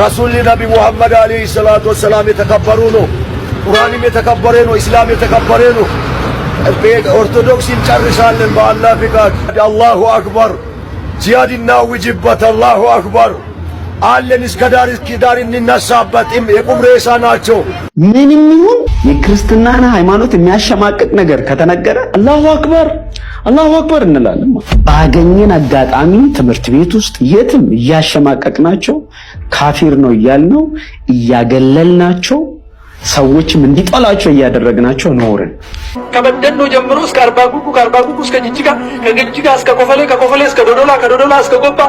ረሱል ነቢ ሙሐመድ አለይሂ ሰላቱ ወሰላም የተከበሩ ነው። ቁርአንም የተከበረ ነው። እስላም የተከበረ ነው። ኦርቶዶክስ እንጨርሳለን በአላህ ፍቃድ። አላሁ አክበር ጂሃድ እናውጅበት። አላሁ አክበር አለን እስከ ዳር እስከ ዳር እንነሳበት። የቁም ሬሳ ናቸው። ምንም ይሁን የክርስትናን ሃይማኖት የሚያሸማቅቅ ነገር ከተነገረ አላሁ አክበር አላሁ አክበር እንላለን። ባገኘን አጋጣሚ ትምህርት ቤት ውስጥ የትም እያሸማቀቅናቸው ካፊር ነው እያልነው እያገለልናቸው ሰዎችም እንዲጠላቸው እያደረግናቸው ኖርን። ከበደኖ ጀምሮ እስከ አርባ ጉጉ፣ ከአርባ ጉጉ እስከ ጅጅጋ፣ ከጅጅጋ እስከ ኮፈሌ፣ ከኮፈሌ እስከ ዶዶላ፣ ከዶዶላ እስከ ጎባ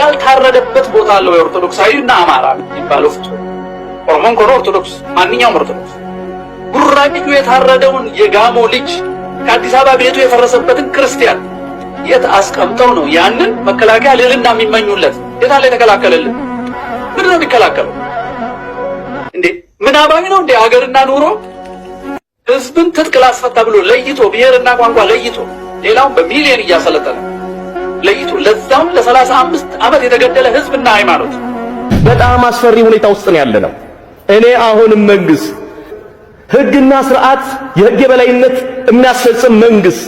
ያልታረደበት ቦታ አለው የኦርቶዶክሳዊና አማራ የሚባለው ፍጡር ኦሮሞን ከሆነ ኦርቶዶክስ፣ ማንኛውም ኦርቶዶክስ ጉራቢቱ የታረደውን የጋሞ ልጅ ከአዲስ አበባ ቤቱ የፈረሰበትን ክርስቲያን የት አስቀምጠው ነው ያንን መከላከያ ልዕልና የሚመኙለት? የታለ የተከላከለልን? ምንድን ነው የሚከላከለው? እንዴ ምናባዊ ነው እንዴ? ሀገርና ኑሮ ህዝብን ትጥቅ ላስፈታ ብሎ ለይቶ ብሔርና ቋንቋ ለይቶ ሌላውን በሚሊዮን እያሰለጠነ ለይቶ ለዛውም ለሰላሳ አምስት ዓመት የተገደለ ህዝብና ሃይማኖት በጣም አስፈሪ ሁኔታ ውስጥ ነው ያለ ነው። እኔ አሁንም መንግስት ህግና ስርዓት የህግ የበላይነት የሚያስፈጽም መንግስት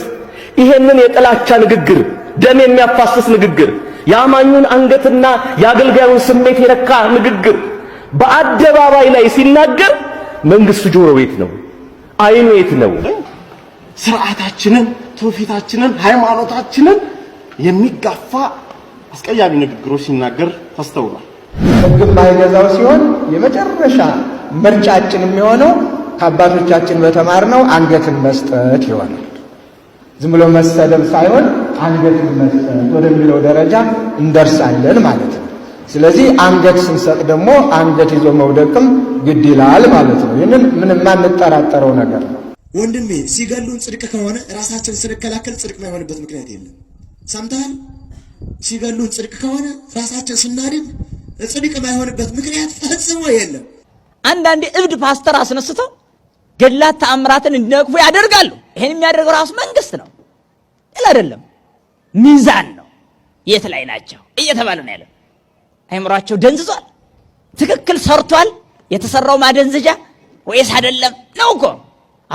ይሄንን የጥላቻ ንግግር፣ ደም የሚያፋስስ ንግግር፣ የአማኙን አንገትና የአገልጋዩን ስሜት የነካ ንግግር በአደባባይ ላይ ሲናገር መንግስቱ ጆሮ ቤት ነው፣ አይኑ የት ነው? ስርዓታችንን፣ ትውፊታችንን፣ ሃይማኖታችንን የሚጋፋ አስቀያሚ ንግግሮች ሲናገር ተስተውሏል። ምግብ ማይገዛው ሲሆን የመጨረሻ ምርጫችን የሚሆነው ከአባቶቻችን በተማርነው አንገትን መስጠት ይሆናል። ዝም ብሎ መሰደብ ሳይሆን አንገትን መስጠት ወደሚለው ደረጃ እንደርሳለን ማለት ነው። ስለዚህ አንገት ስንሰጥ ደግሞ አንገት ይዞ መውደቅም ግድ ይላል ማለት ነው። ይህንን ምንም የማንጠራጠረው ነገር ነው። ወንድሜ ሲገሉን ጽድቅ ከሆነ ራሳችን ስንከላከል ጽድቅ ማይሆንበት ምክንያት የለም። ሰምተሃል? ሲገሉን ጽድቅ ከሆነ ራሳችን ስናድን ጽድቅ የማይሆንበት ምክንያት ፈጽሞ የለም። አንዳንዴ እብድ ፓስተር አስነስተው ገድላት ተአምራትን እንዲነቅፉ ያደርጋሉ። ይህን የሚያደርገው ራሱ መንግስት ነው፣ ሌላ አይደለም። ሚዛን ነው። የት ላይ ናቸው እየተባለ ነው ያለው። አይምሯቸው ደንዝዟል። ትክክል ሰርቷል። የተሰራው ማደንዘጃ ወይስ አይደለም ነው እኮ።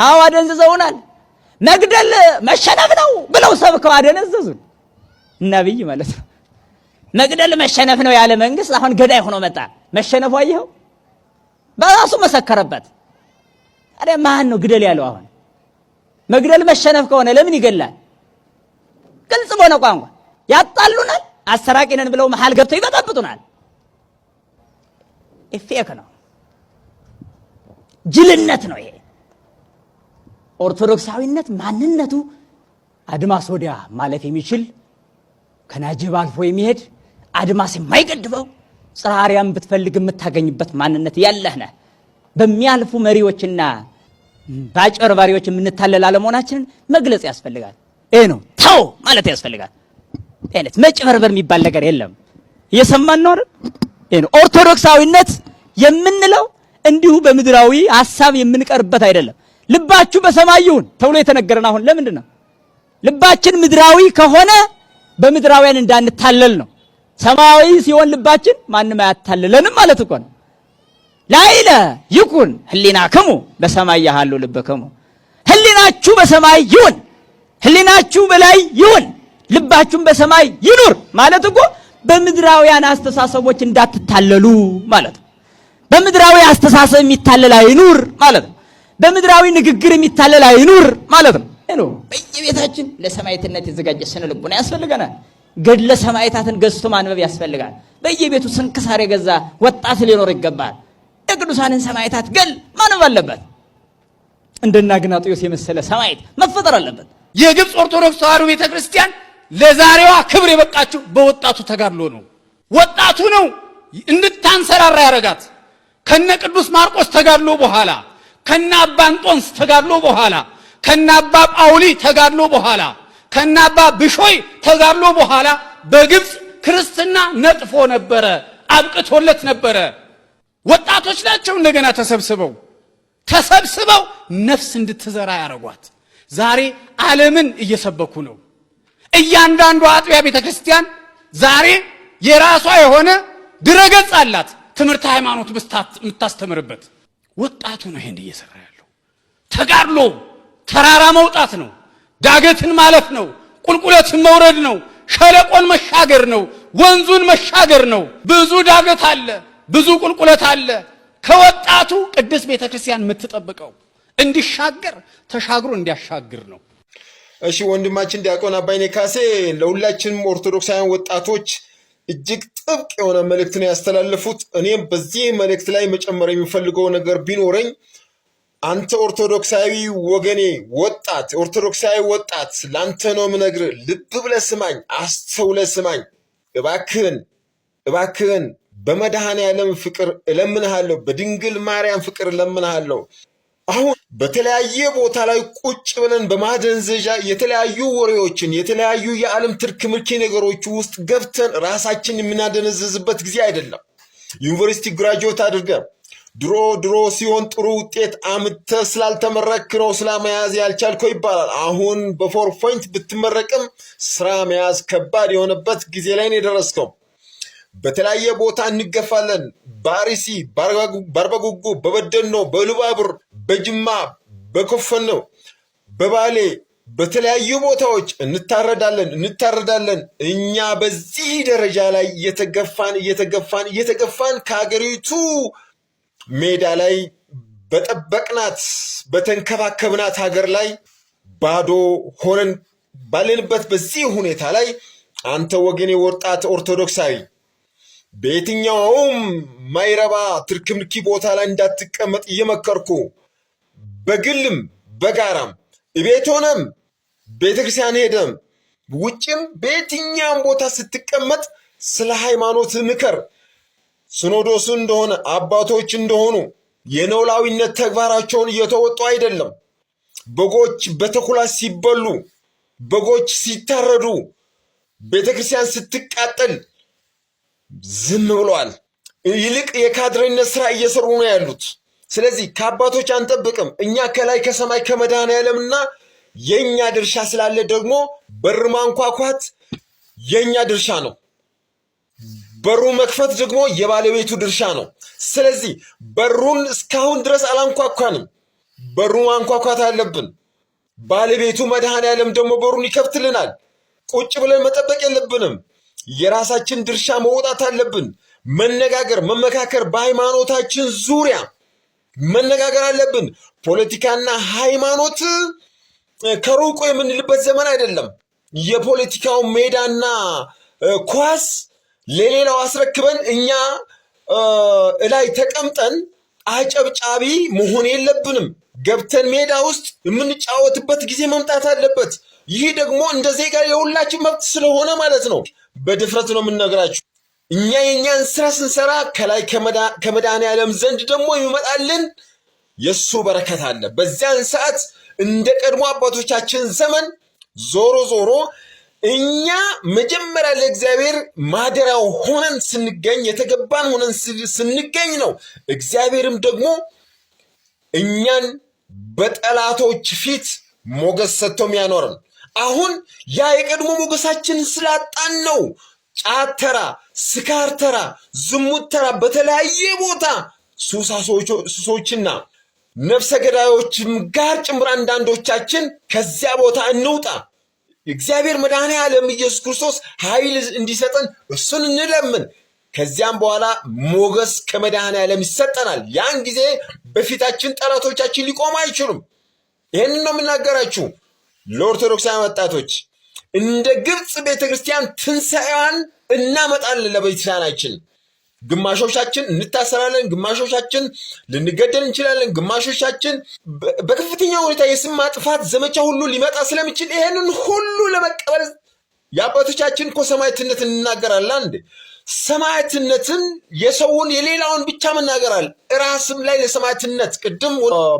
አዎ አደንዝዘውናል። መግደል መሸነፍ ነው ብለው ሰብከው አደነዘዙን። እናብይ ማለት ነው መግደል መሸነፍ ነው ያለ መንግስት አሁን ገዳይ ሆኖ መጣ። መሸነፉ አየኸው፣ በራሱ መሰከረበት። ታዲያ ማን ነው ግደል ያለው? አሁን መግደል መሸነፍ ከሆነ ለምን ይገላል? ግልጽ በሆነ ቋንቋ ያጣሉናል፣ አሰራቂ ነን ብለው መሀል ገብተው ይበጠብጡናል። ፌክ ነው፣ ጅልነት ነው ይሄ። ኦርቶዶክሳዊነት ማንነቱ አድማስ ወዲያ ማለፍ የሚችል ከናጀብ አልፎ የሚሄድ አድማስ የማይገድበው ጽርሐ ብትፈልግ የምታገኝበት ማንነት ያለህ ነህ። በሚያልፉ መሪዎችና በአጭበርባሪዎች የምንታለል አለመሆናችንን መግለጽ ያስፈልጋል። ይህ ነው ተው ማለት ያስፈልጋል። ይነት መጭበርበር የሚባል ነገር የለም። እየሰማን ነው። ኦርቶዶክሳዊነት የምንለው እንዲሁ በምድራዊ ሀሳብ የምንቀርበት አይደለም። ልባችሁ በሰማይ ይሁን ተብሎ የተነገረን አሁን ለምንድን ነው ልባችን ምድራዊ ከሆነ በምድራውያን እንዳንታለል ነው። ሰማያዊ ሲሆን ልባችን ማንም አያታልለንም ማለት እኮ ነው። ላይለ ይኩን ህሊና ክሙ በሰማይ ያሃሉ ልብክሙ። ህሊናችሁ በሰማይ ይሁን፣ ህሊናችሁ በላይ ይሁን፣ ልባችሁም በሰማይ ይኑር ማለት እኮ በምድራውያን አስተሳሰቦች እንዳትታለሉ ማለት ነው። በምድራዊ አስተሳሰብ የሚታለል አይኑር ማለት ነው። በምድራዊ ንግግር የሚታለል አይኑር ማለት ነው። በየቤታችን ለሰማይትነት የተዘጋጀ ስነ ልቡና ያስፈልገናል። ገድለ ሰማዕታትን ገዝቶ ማንበብ ያስፈልጋል። በየቤቱ ስንክሳር የገዛ ወጣት ሊኖር ይገባል። የቅዱሳንን ሰማዕታት ገል ማንበብ አለበት። እንደና አግናጥዮስ የመሰለ ሰማዕት መፈጠር አለበት። የግብፅ ኦርቶዶክስ ተዋሕዶ ቤተ ክርስቲያን ለዛሬዋ ክብር የበቃችው በወጣቱ ተጋድሎ ነው። ወጣቱ ነው እንድታንሰራራ ያረጋት። ከነ ቅዱስ ማርቆስ ተጋድሎ በኋላ ከነ አባ እንጦንስ ተጋድሎ በኋላ ከነ አባ ጳውሊ ተጋድሎ በኋላ ከናባ ብሾይ ተጋድሎ በኋላ በግብፅ ክርስትና ነጥፎ ነበረ፣ አብቅቶለት ነበረ። ወጣቶች ናቸው እንደገና ተሰብስበው ተሰብስበው ነፍስ እንድትዘራ ያደረጓት። ዛሬ ዓለምን እየሰበኩ ነው። እያንዳንዱ አጥቢያ ቤተ ክርስቲያን ዛሬ የራሷ የሆነ ድረገጽ አላት፣ ትምህርት ሃይማኖት የምታስተምርበት። ወጣቱ ነው ይሄን እየሰራ ያለው። ተጋድሎ ተራራ መውጣት ነው። ዳገትን ማለፍ ነው። ቁልቁለትን መውረድ ነው። ሸለቆን መሻገር ነው። ወንዙን መሻገር ነው። ብዙ ዳገት አለ፣ ብዙ ቁልቁለት አለ። ከወጣቱ ቅድስት ቤተ ክርስቲያን የምትጠብቀው እንዲሻገር ተሻግሮ እንዲያሻግር ነው። እሺ ወንድማችን ዲያቆን አባይኔ ካሴ ለሁላችንም ኦርቶዶክሳውያን ወጣቶች እጅግ ጥብቅ የሆነ መልእክት ነው ያስተላለፉት። እኔም በዚህ መልእክት ላይ መጨመር የሚፈልገው ነገር ቢኖረኝ አንተ ኦርቶዶክሳዊ ወገኔ ወጣት ኦርቶዶክሳዊ ወጣት ለአንተ ነው ምነግር። ልብ ብለ ስማኝ፣ አስተውለ ስማኝ። እባክህን እባክህን በመድኃኔ ዓለም ፍቅር እለምንሃለሁ፣ በድንግል ማርያም ፍቅር እለምንሃለሁ። አሁን በተለያየ ቦታ ላይ ቁጭ ብለን በማደንዘዣ የተለያዩ ወሬዎችን የተለያዩ የዓለም ትርክ ምርኪ ነገሮች ውስጥ ገብተን ራሳችን የምናደነዘዝበት ጊዜ አይደለም። ዩኒቨርሲቲ ግራጁዌት አድርገን ድሮ ድሮ ሲሆን ጥሩ ውጤት አምተ ስላልተመረክ ነው ስራ መያዝ ያልቻልከው ይባላል። አሁን በፎር ፖይንት ብትመረቅም ስራ መያዝ ከባድ የሆነበት ጊዜ ላይ ነው የደረስከው። በተለያየ ቦታ እንገፋለን። በአርሲ፣ በአርባጉጉ፣ በበደኖ፣ በሉባብር በጅማ፣ በኮፈኖ፣ በባሌ በተለያዩ ቦታዎች እንታረዳለን እንታረዳለን። እኛ በዚህ ደረጃ ላይ እየተገፋን እየተገፋን እየተገፋን ከሀገሪቱ ሜዳ ላይ በጠበቅናት በተንከባከብናት ሀገር ላይ ባዶ ሆነን ባለንበት በዚህ ሁኔታ ላይ አንተ ወገኔ ወጣት ኦርቶዶክሳዊ በየትኛውም ማይረባ ትርክምልኪ ቦታ ላይ እንዳትቀመጥ እየመከርኩ በግልም በጋራም እቤት ሆነም ቤተክርስቲያን ሄደም ውጭም በየትኛውም ቦታ ስትቀመጥ ስለ ሃይማኖት ምከር። ሲኖዶሱ እንደሆነ አባቶች እንደሆኑ የኖላዊነት ተግባራቸውን እየተወጡ አይደለም። በጎች በተኩላ ሲበሉ፣ በጎች ሲታረዱ፣ ቤተ ክርስቲያን ስትቃጠል ዝም ብለዋል። ይልቅ የካድሬነት ስራ እየሰሩ ነው ያሉት። ስለዚህ ከአባቶች አንጠብቅም። እኛ ከላይ ከሰማይ ከመድኃኔዓለምና የእኛ ድርሻ ስላለ ደግሞ በር ማንኳኳት የእኛ ድርሻ ነው። በሩ መክፈት ደግሞ የባለቤቱ ድርሻ ነው። ስለዚህ በሩን እስካሁን ድረስ አላንኳኳንም። በሩ ማንኳኳት አለብን። ባለቤቱ መድኃኔዓለም ደግሞ በሩን ይከፍትልናል። ቁጭ ብለን መጠበቅ የለብንም። የራሳችን ድርሻ መውጣት አለብን። መነጋገር፣ መመካከር፣ በሃይማኖታችን ዙሪያ መነጋገር አለብን። ፖለቲካና ሃይማኖት ከሩቁ የምንልበት ዘመን አይደለም። የፖለቲካው ሜዳና ኳስ ለሌላው አስረክበን እኛ እላይ ተቀምጠን አጨብጫቢ መሆን የለብንም። ገብተን ሜዳ ውስጥ የምንጫወትበት ጊዜ መምጣት አለበት። ይህ ደግሞ እንደ ዜጋ የሁላችን መብት ስለሆነ ማለት ነው። በድፍረት ነው የምንነግራችሁ። እኛ የእኛን ስራ ስንሰራ ከላይ ከመድኃኔ ዓለም ዘንድ ደግሞ የሚመጣልን የእሱ በረከት አለ። በዚያን ሰዓት እንደ ቀድሞ አባቶቻችን ዘመን ዞሮ ዞሮ እኛ መጀመሪያ ለእግዚአብሔር ማደሪያው ሆነን ስንገኝ የተገባን ሆነን ስንገኝ ነው። እግዚአብሔርም ደግሞ እኛን በጠላቶች ፊት ሞገስ ሰጥቶም ያኖረን። አሁን ያ የቀድሞ ሞገሳችን ስላጣን ነው። ጫት ተራ፣ ስካር ተራ፣ ዝሙት ተራ፣ በተለያየ ቦታ ሱሶችና ነፍሰ ገዳዮችም ጋር ጭምር አንዳንዶቻችን ከዚያ ቦታ እንውጣ። እግዚአብሔር መድኃኔ ዓለም ኢየሱስ ክርስቶስ ኃይል እንዲሰጠን እሱን እንለምን። ከዚያም በኋላ ሞገስ ከመድኃኔ ዓለም ይሰጠናል። ያን ጊዜ በፊታችን ጠላቶቻችን ሊቆም አይችሉም። ይህንን ነው የምናገራችሁ ለኦርቶዶክሳውያን ወጣቶች እንደ ግብፅ ቤተ ክርስቲያን ትንሣኤዋን እናመጣለን ለቤተክርስቲያናችን ግማሾቻችን እንታሰራለን፣ ግማሾቻችን ልንገደል እንችላለን፣ ግማሾቻችን በከፍተኛ ሁኔታ የስም ማጥፋት ዘመቻ ሁሉ ሊመጣ ስለሚችል ይሄንን ሁሉ ለመቀበል የአባቶቻችን እኮ ሰማዕትነት እንናገራለን። አንድ ሰማዕትነትን የሰውን የሌላውን ብቻ መናገራል እራስም ላይ ለሰማዕትነት ቅድም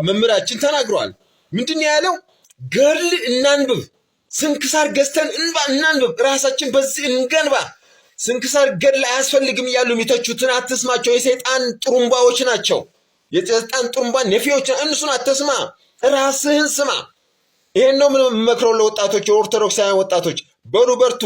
መምህራችን ተናግረዋል። ምንድን ያለው ገድል እናንብብ፣ ስንክሳር ገዝተን እንባ እናንብብ፣ እራሳችን በዚህ እንገንባ ስንክሳር ገድል አያስፈልግም እያሉ የሚተቹትን አትስማቸው። የሰይጣን ጥሩምባዎች ናቸው። የሰይጣን ጥሩምባ ነፊዎች፣ እንሱን አትስማ፣ ራስህን ስማ። ይህን ነው ምንም መክረው ለወጣቶች የኦርቶዶክሳውያን ወጣቶች በሩ በርቱ።